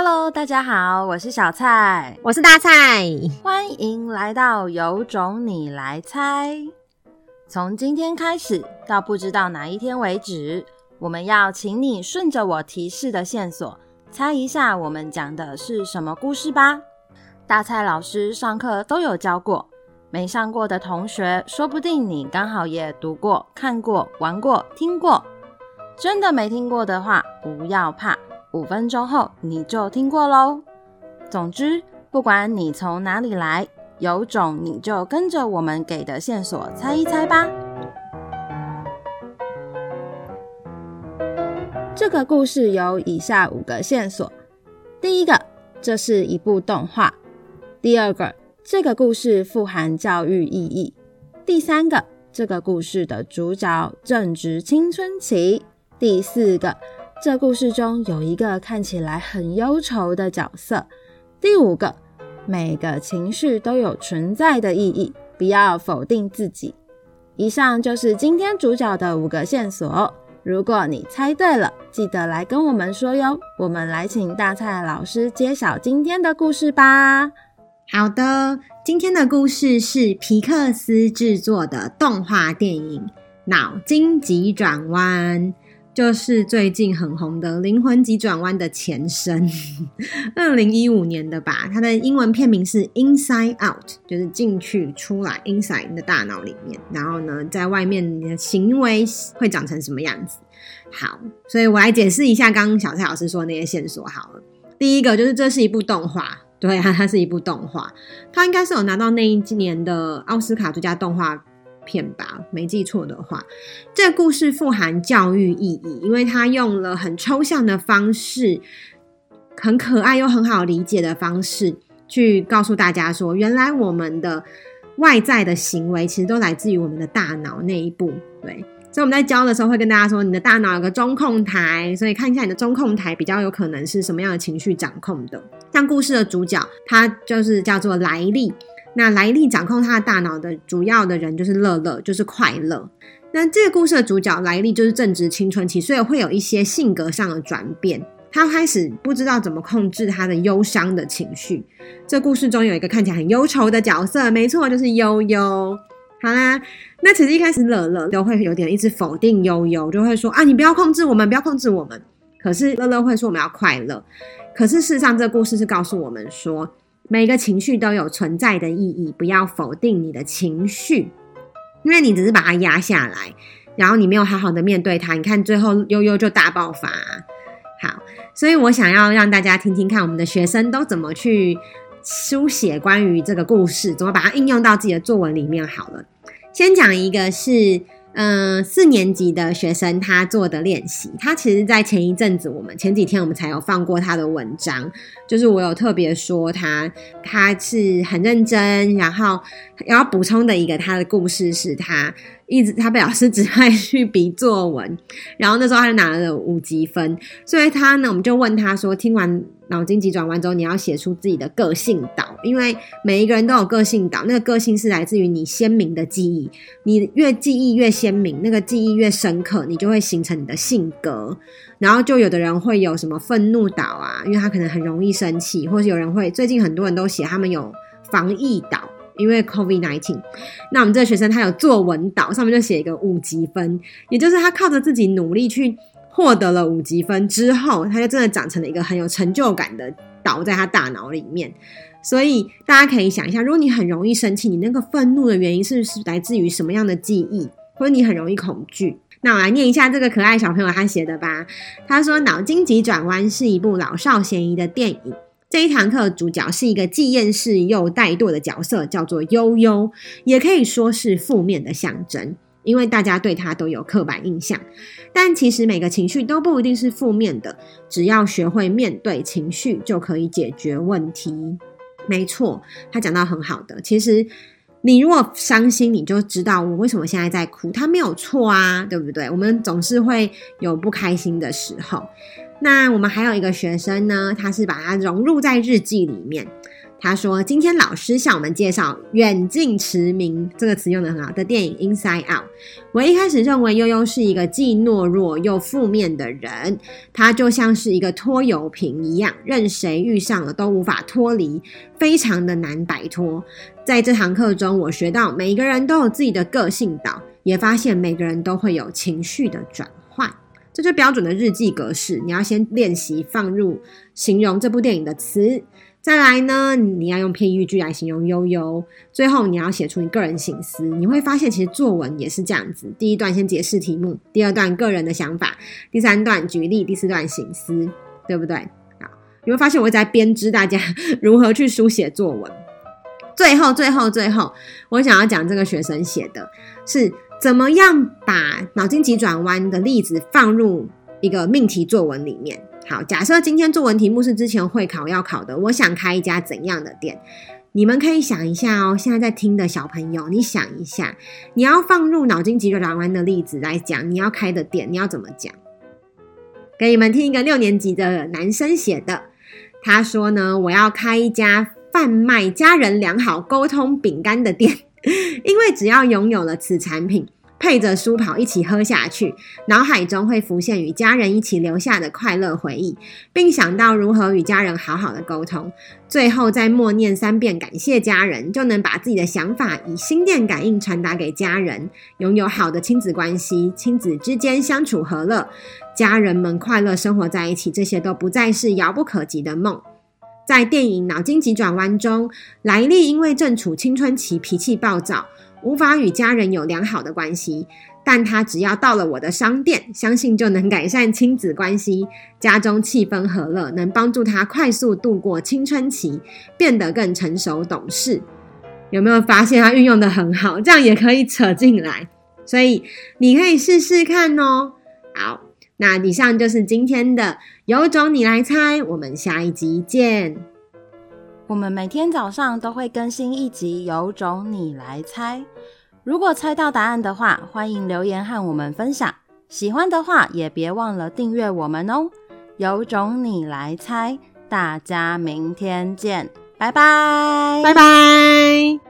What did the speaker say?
Hello，大家好，我是小蔡，我是大蔡，歡迎來到有種你來猜。從今天開始到不知道哪一天為止，我們要請你順着我提示的線索猜一下我們講的是什麼故事吧。大蔡老師上課都有教過，沒上過的同學，說不定你剛好也讀過、看過、玩過、聽過。真的沒聽過的話，不要怕。五分鐘後你就聽過嘍。總之，不管你從哪裡來，有種你就跟着我們給的線索猜一猜吧。這個故事有以下五個線索：第一個，這是一部動畫；第二個，這個故事富含教育意義；第三個，這個故事的主角正值青春期；第四個。這故事中有一個看起來很憂愁的角色。第五個，每個情緒都有存在的意義，不要否定自己。以上就是今天主角的五個線索哦。如果你猜對了，記得來跟我們說喲。我們來請大蔡老師揭曉今天的故事吧。好的，今天的故事是皮克斯製作的動畫電影《腦筋急轉彎》。就是最近很紅的《靈魂急轉彎》的前身，二零一五年的吧。它的英文片名是《Inside Out》，就是進去、出來，Inside 你的大腦裡面，然後呢，在外面你的行為會長成什麼樣子？好，所以我來解釋一下剛剛小蔡老師說的那些線索好了。第一個就是這是一部動畫，對啊，它是一部動畫，它應該是有拿到那一年的奧斯卡最佳動畫片吧，沒記錯的話，這個故事富含教育意義，因為它用了很抽象的方式，很可愛又很好理解的方式，去告訴大家說，原來我們的外在的行為其實都來自於我們的大腦內部。對，所以我們在教的時候會跟大家說，你的大腦有個中控台，所以看一下你的中控台比較有可能是什麼樣的情緒掌控的。像故事的主角，他就是叫做萊莉。那萊莉掌控他的大腦的主要的人就是樂樂，就是快樂。那這個故事的主角萊莉就是正值青春期，所以會有一些性格上的轉變。他開始不知道怎麼控制他的憂傷的情緒。這故事中有一個看起來很憂愁的角色，沒錯，就是憂憂。好啦，那其實一開始樂樂都會有點一直否定憂憂，就會說啊，你不要控制我們，不要控制我們。可是樂樂會說我們要快樂。可是事實上，這個故事是告訴我們說。每一個情緒都有存在的意義，不要否定你的情緒，因為你只是把它壓下來，然後你沒有好好的面對它。你看最後憂憂就大爆發。好，所以我想要讓大家聽聽看我們的學生都怎麼去書寫關於這個故事，怎麼把它應用到自己的作文裡面。好了，先講一個是。嗯、呃，四年級的學生他做的練習，他其實，在前一陣子，我們前幾天我們才有放過他的文章，就是我有特別說他，他是很認真，然後，然後補充的一個他的故事是他一直他被老師指派去比作文，然後那時候他就拿了五級分，所以他呢，我們就問他說，聽完。腦筋急轉彎之後，你要寫出自己的個性島，因為每一個人都有個性島，那個個性是來自於你鮮明的記憶，你越記憶越鮮明，那個記憶越深刻，你就會形成你的性格。然後就有的人會有什麼憤怒島啊，因為他可能很容易生氣，或是有人會最近很多人都寫他們有防疫島，因為 COVID-19。那我們這個學生他有作文島，上面就寫一個五級分，也就是他靠着自己努力去。獲得了五級分之後，他就真的長成了一個很有成就感的島在他大腦裡面。所以大家可以想一下，如果你很容易生氣，你那個憤怒的原因是是來自於什麼樣的記憶？或者你很容易恐懼？那我來念一下這個可愛小朋友他寫的吧。他說：“腦筋急轉彎是一部老少咸宜的電影。這一堂課主角是一個既厭世又怠惰的角色，叫做憂憂，也可以說是負面的象徵。”因為大家對他都有刻板印象，但其實每個情緒都不一定是負面的，只要學會面對情緒，就可以解決問題。沒錯，他講到很好的。其實，你如果傷心，你就知道我為什麼現在在哭。他沒有錯啊，對不對？我們總是會有不開心的時候。那我們還有一個學生呢，他是把它融入在日記裡面。他說：“今天老師向我們介紹‘遠近馳名’這個詞用得很好的電影《Inside Out》，我一開始認為憂憂是一個既懦弱又負面的人，他就像是一個拖油瓶一樣，任誰遇上了都無法脫離，非常的難擺脫。在這堂課中，我學到每個人都有自己的個性島，也發現每個人都會有情緒的轉換。這是標準的日記格式，你要先練習放入形容這部電影的詞。”再來呢，你要用譬喻句來形容悠悠。最後你要寫出你個人省思。你會發現，其實作文也是這樣子：第一段先解釋題目，第二段個人的想法，第三段舉例，第四段省思，對不對？好，你會發現我一直在編織大家 如何去書寫作文。最後，最後，最後，我想要講這個學生寫的是怎麼樣把腦筋急轉彎的例子放入。一個命題作文裡面，好，假設今天作文題目是之前會考要考的，我想開一家怎樣的店？你們可以想一下哦。現在在聽的小朋友，你想一下，你要放入腦筋急轉彎的例子來講，你要開的店，你要怎麼講？給你們聽一個六年級的男生寫的，他說呢，我要開一家販賣家人良好溝通餅乾的店，因為只要擁有了此產品。配着書跑一起喝下去，腦海中會浮現與家人一起留下的快樂回憶，並想到如何與家人好好的溝通，最後再默念三遍感謝家人，就能把自己的想法以心電感應傳達給家人，擁有好的親子關係，親子之間相處和樂，家人們快樂生活在一起，這些都不再是遙不可及的夢。在電影《腦筋急轉彎》中，萊利因為正處青春期，脾氣暴躁。無法與家人有良好的關係，但他只要到了我的商店，相信就能改善親子關係，家中氣氛和樂，能幫助他快速度過青春期，變得更成熟懂事。有沒有發現他運用的很好？這樣也可以扯進來，所以你可以試試看哦。好，那以上就是今天的《有種你來猜》，我們下一集見。我們每天早上都會更新一集《有種你來猜》，如果猜到答案的話，歡迎留言和我們分享。喜歡的話，也別忘了訂閱我們哦！有種你來猜，大家明天見，拜拜，拜拜。